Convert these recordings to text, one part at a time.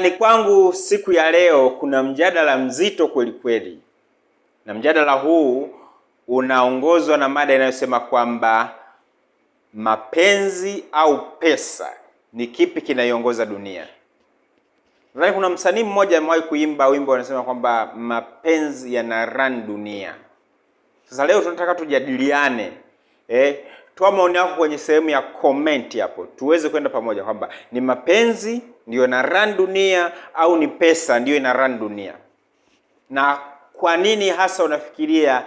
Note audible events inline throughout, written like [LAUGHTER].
Ni kwangu siku ya leo kuna mjadala mzito kweli kweli, na mjadala huu unaongozwa na mada inayosema kwamba mapenzi au pesa, ni kipi kinaiongoza dunia? Nadhani kuna msanii mmoja amewahi kuimba wimbo anasema kwamba mapenzi yana run dunia. Sasa leo tunataka tujadiliane eh, toa maoni yako kwenye sehemu ya comment hapo, tuweze kwenda pamoja kwamba ni mapenzi ndiyo na run dunia au ni pesa ndiyo ina run dunia, na kwa nini hasa unafikiria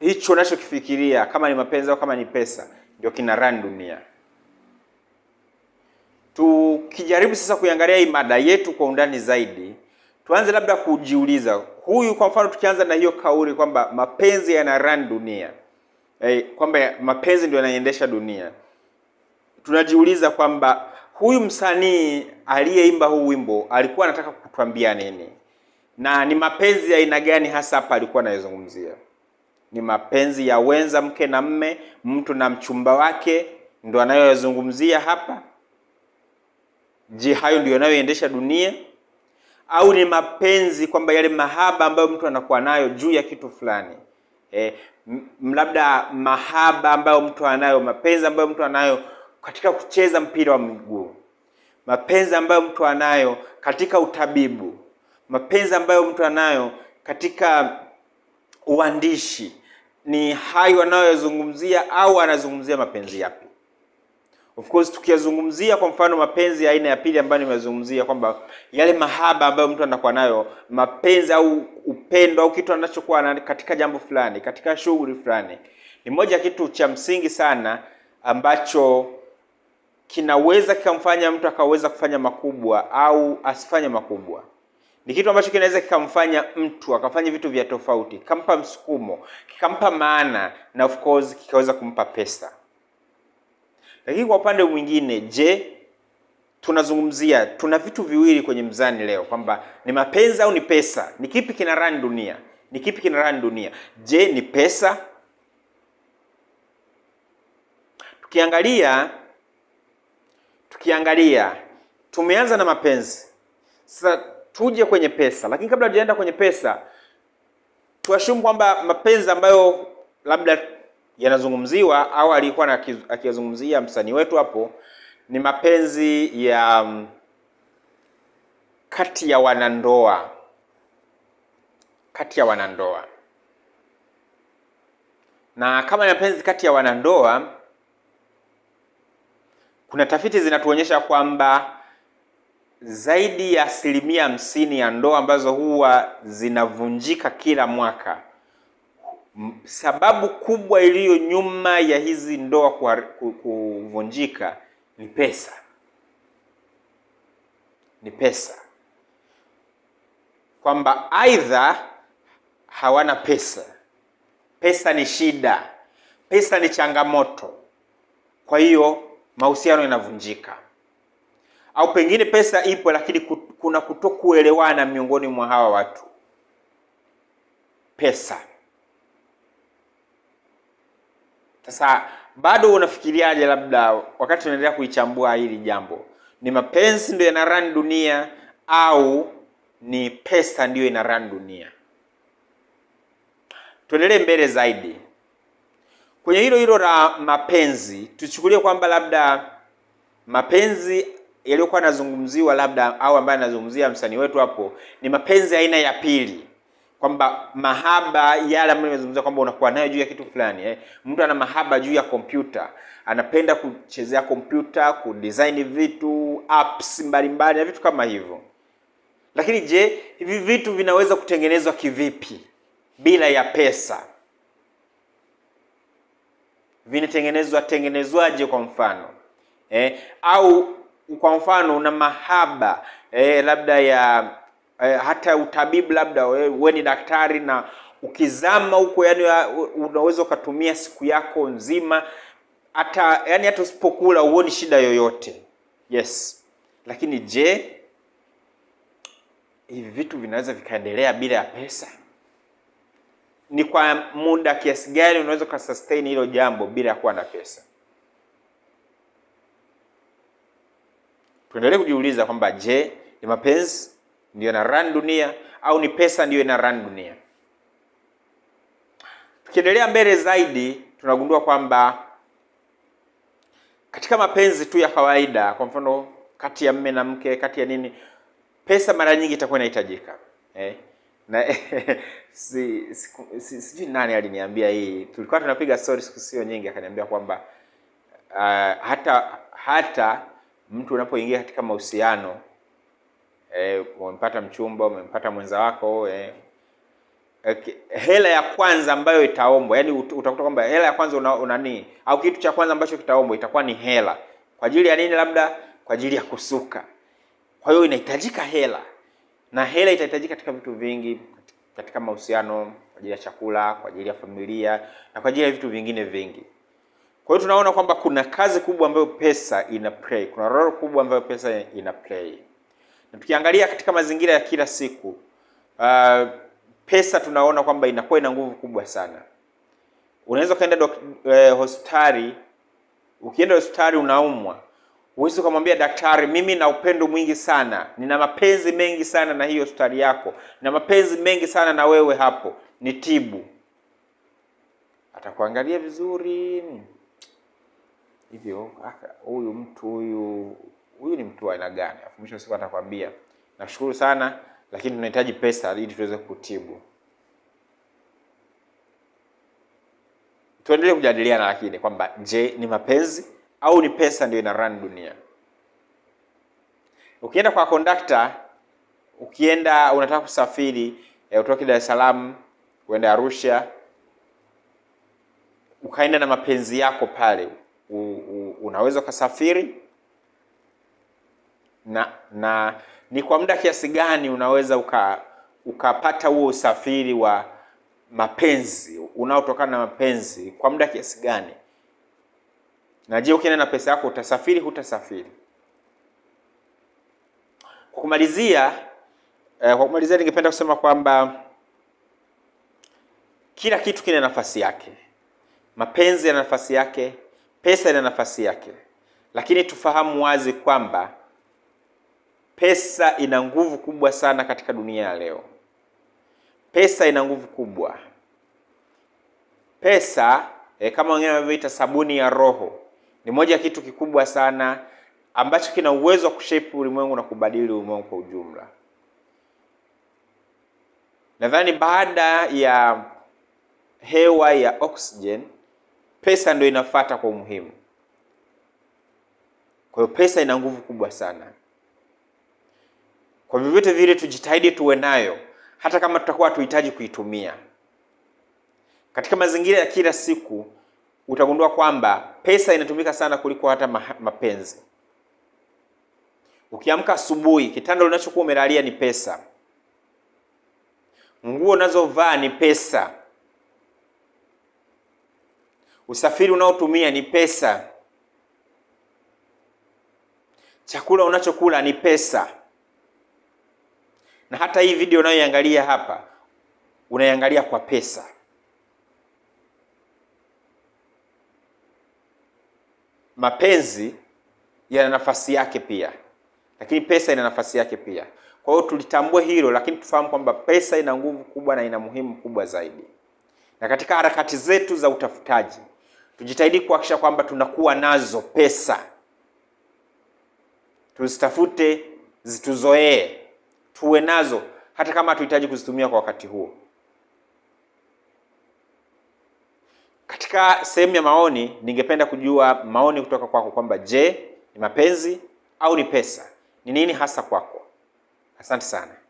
hicho unachokifikiria, kama ni mapenzi au kama ni pesa, ndio kina run dunia. Tukijaribu sasa kuiangalia hii mada yetu kwa undani zaidi, tuanze labda kujiuliza, huyu kwa mfano, tukianza na hiyo kauli kwamba mapenzi yana run dunia eh, kwamba mapenzi ndio yanaiendesha dunia. Tunajiuliza kwamba huyu msanii aliyeimba huu wimbo alikuwa anataka kutuambia nini, na ni mapenzi ya aina gani hasa hapa alikuwa anayezungumzia? Ni mapenzi ya wenza, mke na mme, mtu na mchumba wake, ndo anayoyazungumzia hapa? Je, hayo ndio yanayoendesha dunia au ni mapenzi kwamba yale mahaba ambayo mtu anakuwa nayo juu ya kitu fulani? eh, labda mahaba ambayo mtu anayo, mapenzi ambayo mtu anayo katika kucheza mpira wa miguu, mapenzi ambayo mtu anayo katika utabibu, mapenzi ambayo mtu anayo katika uandishi. Ni hayo anayozungumzia au anazungumzia mapenzi yapi? Of course tukiyazungumzia kwa mfano mapenzi ya aina ya pili ambayo nimezungumzia kwamba yale mahaba ambayo mtu anakuwa nayo, mapenzi au upendo au kitu anachokuwa na katika jambo fulani, katika shughuli fulani, ni moja kitu cha msingi sana ambacho kinaweza kikamfanya mtu akaweza kufanya makubwa au asifanye makubwa. Ni kitu ambacho kinaweza kikamfanya mtu akafanya vitu vya tofauti, kikampa msukumo, kikampa maana na of course kikaweza kumpa pesa. Lakini kwa upande mwingine, je, tunazungumzia tuna vitu viwili kwenye mzani leo kwamba ni mapenzi au ni pesa, ni kipi kina run dunia? Ni kipi kina run dunia? Je, ni pesa? Tukiangalia tukiangalia tumeanza na mapenzi, sasa tuje kwenye pesa. Lakini kabla tujaenda kwenye pesa, tuashumu kwamba mapenzi ambayo labda yanazungumziwa au alikuwa na akiyazungumzia msanii wetu hapo ni mapenzi ya mm, kati ya wanandoa, kati ya wanandoa. Na kama ni mapenzi kati ya wanandoa, kuna tafiti zinatuonyesha kwamba zaidi ya asilimia hamsini ya ndoa ambazo huwa zinavunjika kila mwaka sababu kubwa iliyo nyuma ya hizi ndoa kuvunjika ni pesa, ni pesa, kwamba aidha hawana pesa, pesa ni shida, pesa ni changamoto, kwa hiyo mahusiano yanavunjika, au pengine pesa ipo lakini kuna kutokuelewana miongoni mwa hawa watu, pesa Sasa bado unafikiriaje, labda wakati unaendelea kuichambua hili jambo, ni mapenzi ndio run dunia au ni pesa ndiyo run dunia? Tuendelee mbele zaidi kwenye hilo hilo la mapenzi. Tuchukulie kwamba labda mapenzi yaliyokuwa yanazungumziwa labda au ambayo anazungumzia msanii wetu hapo ni mapenzi aina ya pili kwamba mahaba yale ambayo nimezungumza kwamba unakuwa nayo juu ya kitu fulani eh. Mtu ana mahaba juu ya kompyuta, anapenda kuchezea kompyuta, kudesign vitu, apps mbalimbali na vitu kama hivyo. Lakini je, hivi vitu vinaweza kutengenezwa kivipi bila ya pesa? Vinatengenezwa tengenezwaje? Kwa mfano eh, au kwa mfano una mahaba eh, labda ya eh, hata utabibu, labda wewe ni daktari na ukizama huko, yani unaweza ukatumia siku yako nzima, hata yani hata usipokula huoni shida yoyote. Yes, lakini je, hivi vitu vinaweza vikaendelea bila ya pesa? Ni kwa muda kiasi gani unaweza ukasustain hilo jambo bila ya kuwa na pesa? Tuendelee kujiuliza kwamba je, ni mapenzi ndio ina run dunia au ni pesa ndio ina run dunia. Tukiendelea mbele zaidi, tunagundua kwamba katika mapenzi tu ya kawaida, kwa mfano kati ya mme na mke, kati ya nini, pesa mara nyingi itakuwa inahitajika eh? na [LAUGHS] si, si, si, nani aliniambia hii, tulikuwa tunapiga stories siku sio nyingi, akaniambia kwamba uh, hata hata mtu unapoingia katika mahusiano eh, umempata mchumba, umempata mwenza wako eh. Okay. Eh, hela ya kwanza ambayo itaombwa, yani, utakuta kwamba hela ya kwanza una, una nini au kitu cha kwanza ambacho kitaombwa itakuwa ni hela. Kwa ajili ya nini? Labda kwa ajili ya kusuka. Kwa hiyo inahitajika hela, na hela itahitajika katika vitu vingi, katika mahusiano, kwa ajili ya chakula, kwa ajili ya familia na kwa ajili ya vitu vingine vingi. Kwa hiyo tunaona kwamba kuna kazi kubwa ambayo pesa ina play, kuna role kubwa ambayo pesa ina play tukiangalia katika mazingira ya kila siku uh, pesa tunaona kwamba inakuwa ina nguvu kubwa sana. Unaweza ukaenda eh, hospitali. Ukienda hospitali unaumwa, huwezi ukamwambia daktari, mimi na upendo mwingi sana, nina mapenzi mengi sana na hiyo hospitali yako, na mapenzi mengi sana na wewe hapo, ni tibu Atakuangalia vizuri hmm, hivyo, ah, huyu mtu huyu huyu ni mtu wa aina gani, afu mwisho siku atakwambia nashukuru sana, lakini tunahitaji pesa ili tuweze kutibu. Tuendelee kujadiliana, lakini kwamba je, ni mapenzi au ni pesa ndio ina run dunia? Ukienda kwa kondakta, ukienda unataka kusafiri e, utoke Dar es Salaam uende Arusha, ukaenda na mapenzi yako pale, unaweza ukasafiri na na ni kwa muda kiasi gani unaweza uka ukapata huo usafiri wa mapenzi unaotokana na mapenzi kwa muda kiasi gani? Na je, ukienda na pesa yako utasafiri, hutasafiri? Kwa kumalizia eh, kwa kumalizia ningependa kusema kwamba kila kitu kina nafasi yake. Mapenzi yana nafasi yake, pesa ina nafasi yake, lakini tufahamu wazi kwamba Pesa ina nguvu kubwa sana katika dunia ya leo. Pesa ina nguvu kubwa. Pesa e, kama wengine wanavyoita sabuni ya roho, ni moja ya kitu kikubwa sana ambacho kina uwezo wa kushape ulimwengu na kubadili ulimwengu kwa ujumla. Nadhani baada ya hewa ya oxygen, pesa ndio inafata kwa umuhimu. Kwa hiyo pesa ina nguvu kubwa sana. Kwa vyovyote vile tujitahidi tuwe nayo, hata kama tutakuwa hatuhitaji kuitumia. Katika mazingira ya kila siku utagundua kwamba pesa inatumika sana kuliko hata mapenzi. Ukiamka asubuhi, kitanda unachokuwa umelalia ni pesa, nguo unazovaa ni pesa, usafiri unaotumia ni pesa, chakula unachokula ni pesa na hata hii video unayoiangalia hapa unaiangalia kwa pesa. Mapenzi yana nafasi yake pia, lakini pesa ina nafasi yake pia. Kwa hiyo tulitambue hilo, lakini tufahamu kwamba pesa ina nguvu kubwa na ina muhimu kubwa zaidi. Na katika harakati zetu za utafutaji tujitahidi kuhakikisha kwamba tunakuwa nazo pesa, tuzitafute, zituzoee tuwe nazo hata kama hatuhitaji kuzitumia kwa wakati huo. Katika sehemu ya maoni, ningependa kujua maoni kutoka kwako kwamba je, ni mapenzi au ni pesa? Ni nini hasa kwako? Asante sana.